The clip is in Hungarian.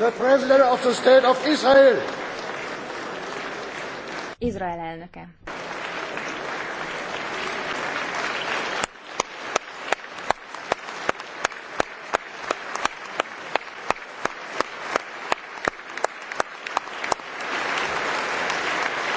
the President of the State of Israel. Izrael elnöke.